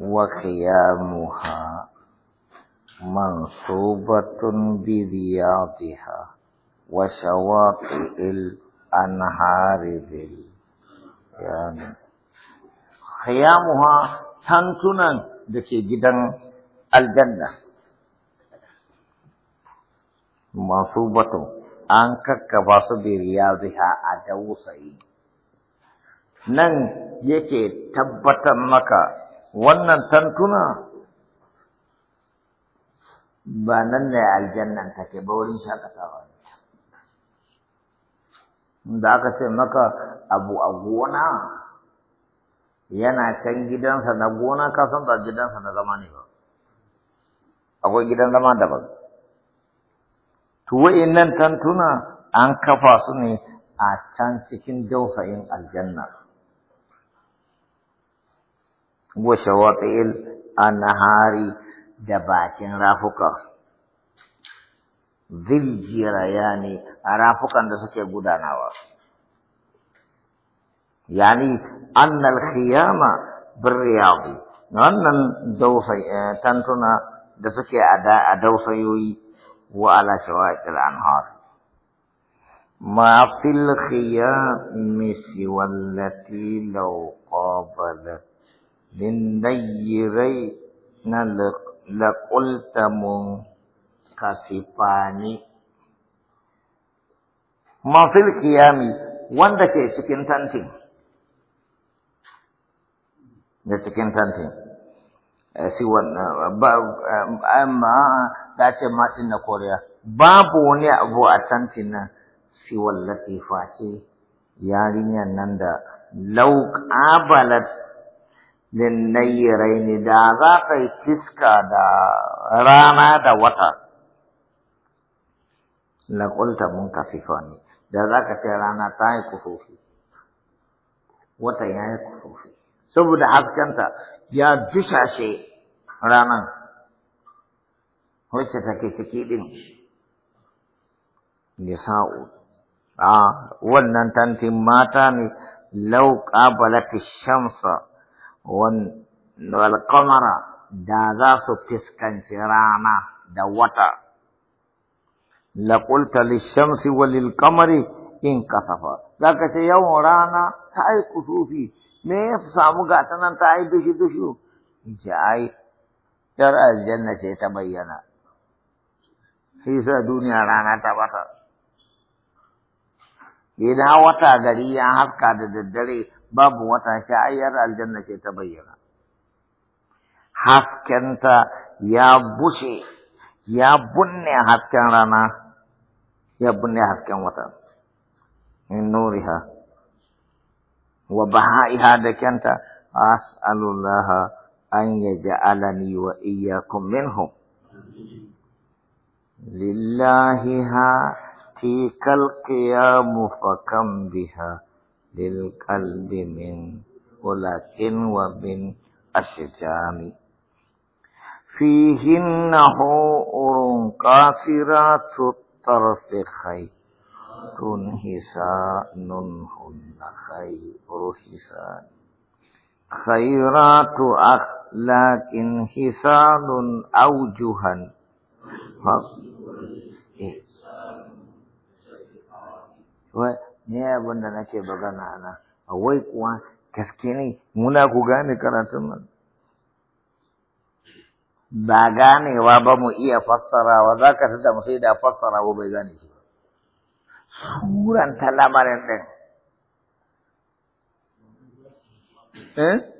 وقيامها منصوبة برياضها وشواطئ الأنهار بالقيام خيامها تنتنا دكي جدا الجنة منصوبة an kakkaba su bi riyadiha a dausayi nan yake tabbatar maka wannan tantuna ba nan ne aljannan take ba wurin shakatawa ne da aka ce maka abu a gona yana can gidansa na gona ka san ba gidansa na zama ne ba akwai gidan zama daban to nan tantuna an kafa su ne a can cikin dausayin aljanna وشواطئ النهار دباتين رافقا ذي الجريان رافوكا دسك بودانا يعني أن الخيام بالرياض أن دوسي تنتنا دسك أدا أدوسي وعلى شواطئ الأنهار ما في الخيام سوى التي لو قابلت للنيرين na منكسفان kasifani. Mafil kiyami wanda ke cikin tantin da cikin tantin eh, si amma ta ce matin na koriya babu wani abu a tantin na si wallati face yarinyar nan da lau ƙabalat linnayiraini da za ka yi fiska da rana da wata laƙulta mun kafifa ne da za ka ce rana ta yi kufofi wata ya yi kufofi saboda haskenta ya dushashe ranan wacce take ciki ɗin nisa'u a wannan tantin mata ne lau ƙabalati shamsa wal da za su fiskanci rana da wata la qulta shamsi walil qamari in kasafa ka ce yawan rana ta ai kusufi me ya samu gata nan ta ai dushi dushi ce ai yar aljanna ce ta bayyana shi sa duniya rana ta bata idan wata gari ya haska da daddare babu wata sha'ayyar aljanna ce ta bayyana haskenta ya bushe ya bunne hasken rana ya bunne hasken wata min nuriha wa baha'iha da kyanta as'alullaha an yaj'alani wa iyyakum minhum lillahi ha تلك القيام فكم بها للقلب من ولكن ومن أشجام فيهن حور قاصرات الطرف خير حسان هن خير حسان خيرات أخلاق حسان أوجها و ne abin da nake magana nan wai kuwa gaske ne muna ku gane karatun nan ba ganewa ba mu iya fassarawa za ka tada mu sai da fassarawa bai gane shi ba suran ta lamarin ɗin eh?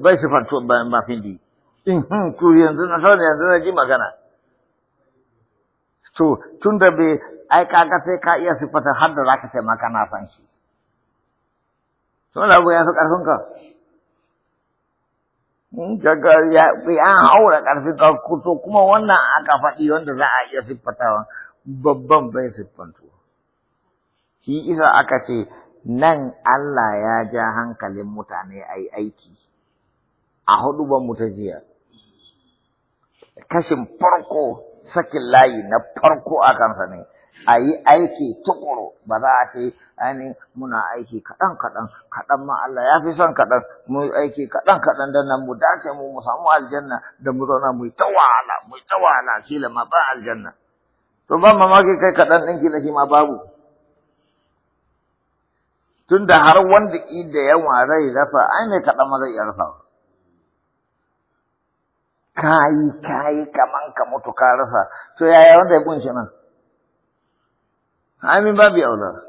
bai su fanto ba mafindi in hmm, ku yanzu na sauna yanzu na ji magana So, tun da bai ai kaga sai ka iya siffata har da za ka ce ma na san shi. Sun ya fi ƙarfinka. Kaga ya an haura ƙarfin ka kuto kuma wannan aka faɗi wanda za a iya siffatawa babban bai siffantu. Shi isa aka ce nan Allah ya ja hankalin mutane a yi aiki a hudu ban mu Kashin farko sakin layi na farko a kansa ne a yi aiki tukuru ba za a ce ainihin muna aiki kaɗan kaɗan kaɗan ma Allah ya fi son kaɗan mu aiki kaɗan kaɗan don nan mu dace mu mu samu aljanna da mu zauna mu yi ta wahala mu yi ta wahala kila ma ba aljanna to ba mamaki kai kaɗan ɗin kila shi ma babu tunda har wanda ƙi da yawa zai rafa ai kaɗan ma zai iya rasawa kayi kayi kaman ka mutu ka rasa to yaya wanda ya kunshi nan amin babu yaula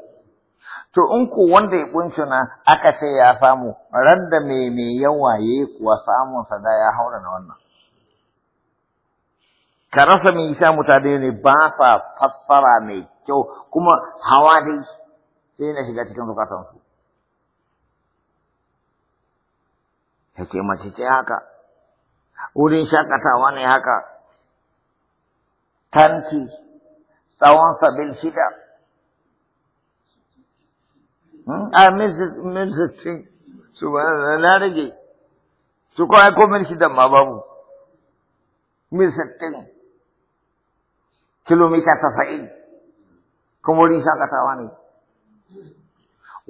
to in ku wanda ya kunshi nan aka ce ya samu ran da me me yawa yayi kuwa samun sa da ya haura na wannan ka rasa me yasa mutane ne ba sa fassara mai kyau kuma hawa dai sai na shiga cikin zukatansu. ce mace ce haka, wurin shakatawa ne haka tanti tsawon sabin shida hmm? a ah, mizitin su ba na rage su kawai ko mil shida ma babu mizitin kilomita tasa'in kuma wurin shakatawa ne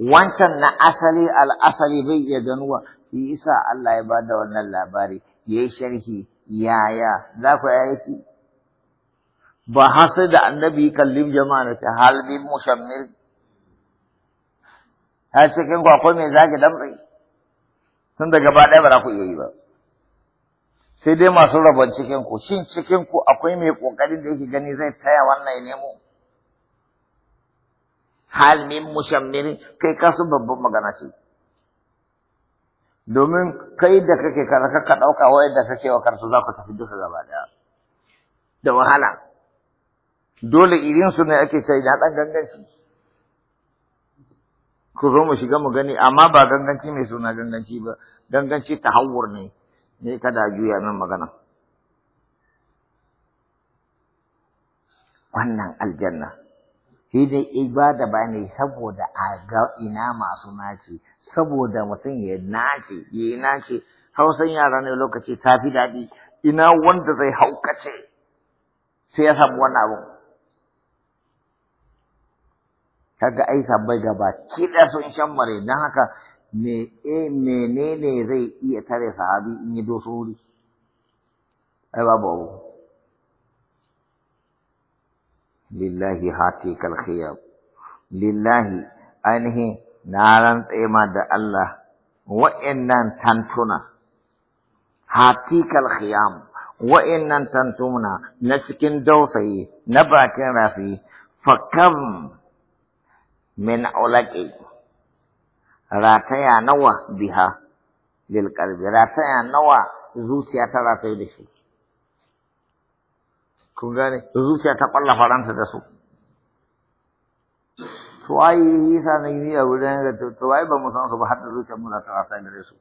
wancan na asali al'asali bai iya ganuwa yi isa Allah ya ba da wannan labari ya yi sharhi yaya za ku yi aiki ba hasu da annabi kallin jama'a da ta halbin mushammir har cikin kwakwa mai zaki damtsi tun da gaba ɗaya ba za ku iya yi ba sai dai masu rabon cikin ku shin cikin ku akwai mai ƙoƙarin da yake gani zai taya wannan ya nemo halmin mushammirin kai kasu babban magana ce domin kai da kake karaka ka ɗauka wai da kake wa karsu za ku tafi duka gaba ɗaya da wahala dole irin su ne ake kai na ɗan ganganci ku zo mu shiga mu gani amma ba ganganci mai suna ganganci ba ganganci ta hawur ne ne kada juya min magana wannan aljanna Daidai ibada ba ne saboda a ga ina masu naci saboda mutum ya nace ya yi nace hausan yara ne lokaci ta fi daɗi ina wanda zai haukace sai ya samu wannan abun kaga ai sabbai gaba kiɗa sun shan mare don haka me eh, menene zai iya tare sahabi in yi dosori ai babu abu لله هاتي كالخياب لله أنه نارن تيما دا الله وإنن تنتنا هاتي كالخيام وإنن تنتمنا نسكن دوثي نبعتنا في فكم من أولكي راتيا نوى بها للقلب راتيا نوى زوتيا تراتي بشي kun gane zuciya ta ƙwalla faranta da su to ai yasa na yi a wurin da to ai ba mu san su ba har da zuciya mu za ta rasa gare su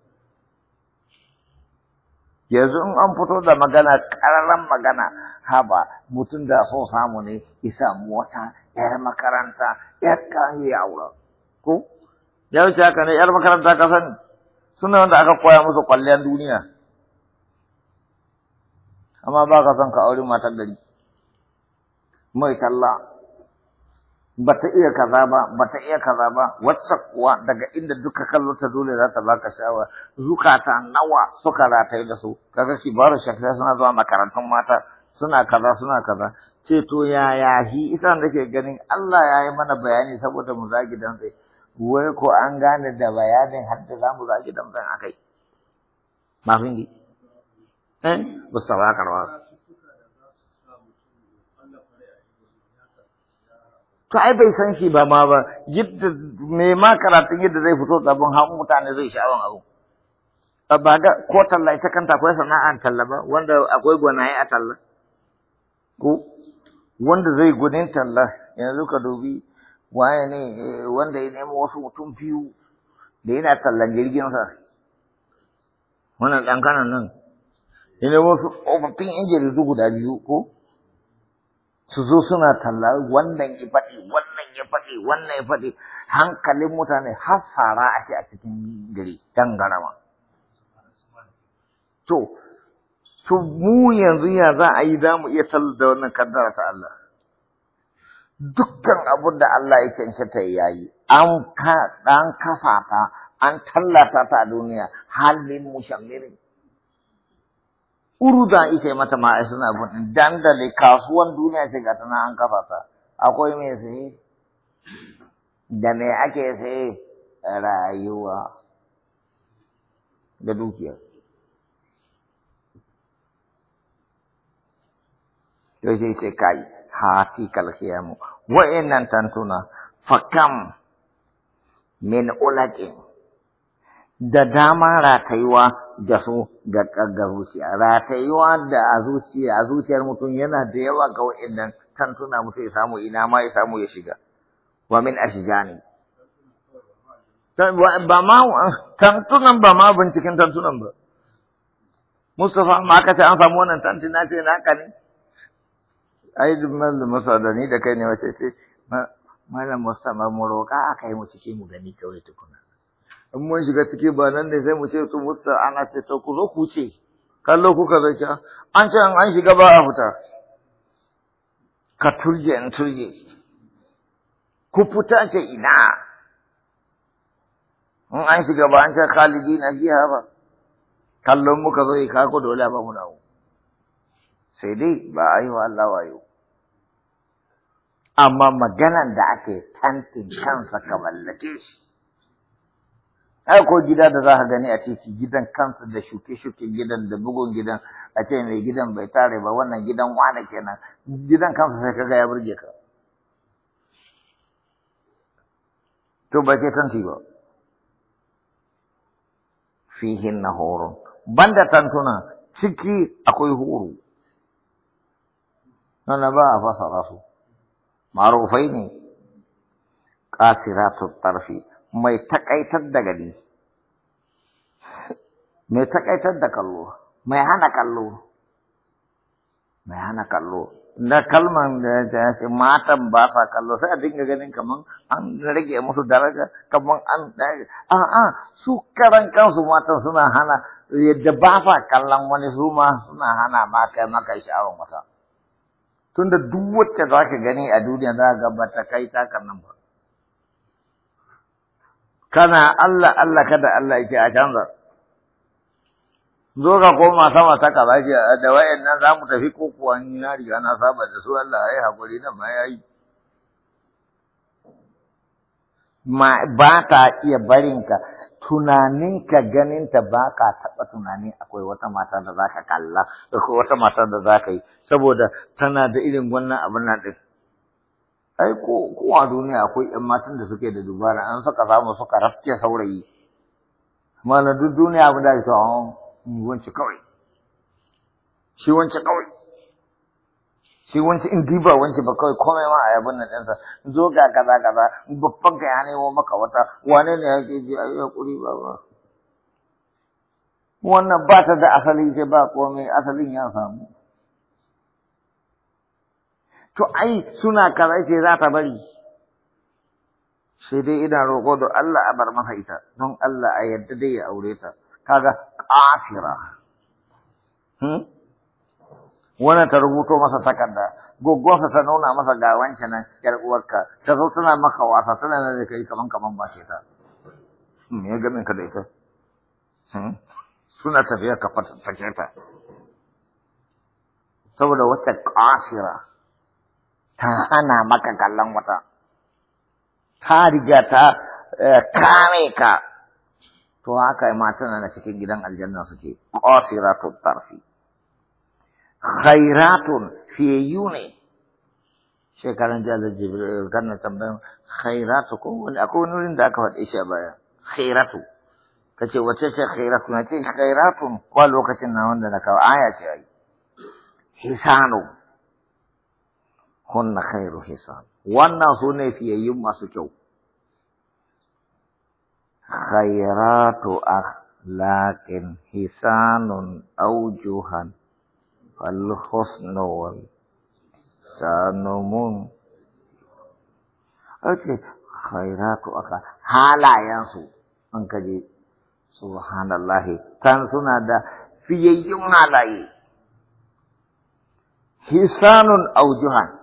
yanzu in an fito da magana ƙararren magana haba mutum da so samu ne isa mota, wata yar makaranta yar kan yi aure ko ya wuce haka ne yar makaranta ka sani suna wanda aka koya musu kwalliyar duniya amma ba ka son ka aure matar gari mai kalla ba ta iya kaza ba ba ta iya kaza ba wacce kuwa daga inda duka kallo ta dole za ta baka shawa zukata nawa suka rata da su kaga kibaru sai suna zuwa makarantun mata suna kaza suna kaza ce to ya shi ita ke ganin Allah ya yi mana bayani saboda mu zagi dan sai wai ko an gane da bayanin har da mu zagi dan sai akai mafin eh ba karwa to ai bai san shi ba ma ba yadda me ma karatun yadda zai fito tsabon hawan mutane zai sha'awan abu ba ga ko talla ita kanta akwai a talla ba wanda akwai gwanaye a talla ko wanda zai gudun talla yanzu ka dubi waye ne wanda ya nemo wasu mutum biyu da yana tallan jirgin sa wannan dan kanan nan ya nemo wasu tsofaffin yan jaridu guda biyu ko su zo suna talla wannan ya faɗi wannan ya faɗi wannan ya faɗi hankalin mutane har fara ake a cikin gari garama. to su mu yanzu ya za a yi za iya sallar da wannan kaddara ta Allah dukkan abin da Allah ya ta ya yi, an kafa ta, an tallata ta a duniya halin mushammirin. Uruda ita mata ma ai suna bin dandali kasuwan duniya ce ga tana an kafa ta. Akwai mai saye da me ake saye rayuwa da dukiya. to sai ce kai hati kalkiyamu nan tantuna fakam min ulaƙin da dama ratayuwa da su ga ga zuciya ratayuwa da a zuciya a zuciyar mutum yana da yawa ga wa'innan kan tuna musu ya samu ina ma ya samu ya shiga wa min ashjani ba ma tantunan ba ma binciken tantunan ba Mustapha ma aka ce an samu wannan tantin na ce naka ne ai mallam Musa da ni da kai ne wace ce malam Mustapha ma mu roƙa aka yi mu cikin mu gani kawai tukuna in mun shiga ciki ba nan ne sai mu ce su musta ana ce sau ku zo ku ce kallo kuka zai ce an ce an shiga ba a fita ka turje in turje ku fita ce ina in an shiga ba an ce khalidi na fiha ba kallon ka zo ka ko dole ba mu na. sai dai ba a yi wa Allah wayo amma maganan da ake tantin kansa ka mallake shi ai ko gida da za ka gani a titi gidan kansa da shuke-shuken gidan da bugun gidan a ce mai gidan bai tare ba wannan gidan wane kenan gidan kansa sai kaga ya burge ka to ba ke tanti ba fihin na horon banda tantuna ciki akwai horo nan ba a fasa rasu marufai ne ƙasiratu tarfi mai taƙaitar da gani, mai takaitar da kallo, mai hana kallo, mai hana kallo. Da kalman da ya ce matan ba sa kallo sai a dinga ganin kaman an rage musu daraja kaman an a'a su karan kansu matan suna hana yadda ba sa kallon wani su ma suna hana ma kai maka sha'awar wata. Tunda duk wacce za ka gani a duniya za ga ba ta kai takan nan ba. kana Allah Allah kada Allah yake a canza zo ka koma sama ta kaza ce da wayannan za mu tafi ko kuwa ni na riga na saba da su Allah ai hakuri nan ma yayi ma ba ta iya barinka tunaninka ganinta ba ka taɓa tunani akwai wata mata da za ka kalla akwai wata mata da za ka yi saboda tana da irin wannan abin nan ai ko duniya akwai ƴan matan da suke da dubara an saka samu suka rafke saurayi na duk duniya abin da ake cewa oh, wance kawai shi wance kawai shi wance in diba wance ba kawai komai ma a yabin nan ɗansa zo ga kaza kaza babban ka ya nemo maka wata wane ne ya ke ji a yi hakuri ba ba wannan ba ta da asali sai ba komai asalin ya samu to ai suna kaza ce za ta bari sai dai ina roƙo da Allah a bar masa ita don Allah a yadda dai ya aure ta kaga kafira hmm? wannan ta rubuto masa takarda goggonsa ta nuna masa ga wancan nan yar uwarka ta zo tana maka wasa tana nan da kai kaman kaman ba ta hmm, me ya gamin ka da ita hmm? suna tafiya ka fata ta saboda wata kafira ta hana maka kallon wata ta riga ta eh, kame ka to haka matan na cikin gidan aljanna suke qasiratut tarfi khairatun fiyune shekaran jaza jibril na tambayan khairatu ko wani akwai wani da aka faɗi shi a baya khairatu kace wace ce khairatu na ce khairatun kwa lokacin na wanda na kawo aya ce ai hisanu hunna khairu hisab wannan su ne fiyayyun masu kyau khairatu akhlaqin hisanun aujuhan fal husnu wal sanumun ce khairatu akhlaq halayensu an kaje subhanallahi kan suna da fiyayyun halaye hisanun aujuhan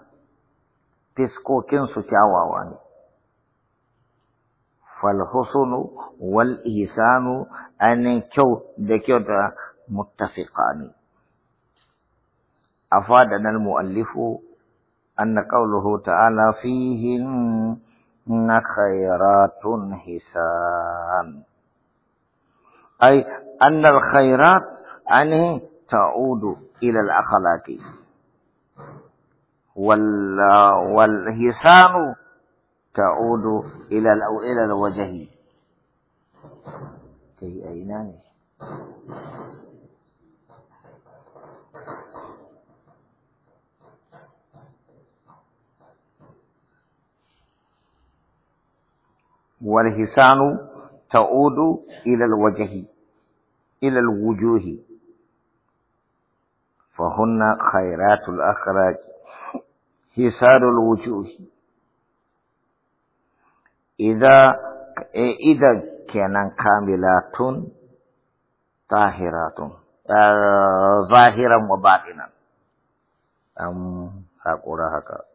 fiskokinsu kyawawa ne. Falhusunu wal isanu ainihin kyau da kyau da mutafiƙa ne. A fadanar mu’allifu, anna ƙauluhu ta’ala fihin na khairatun hisan. Ai, annar khairat ainihin ta’udu ilal akhalaki. والهسان تعود إلى إلى الوجه كي أينان والهسان تعود إلى الوجه إلى الوجوه فهن خيرات الأخراج hisarul wujuhi idza e, idza kenan kamilatun tun zahiran wa batinan an haƙura haka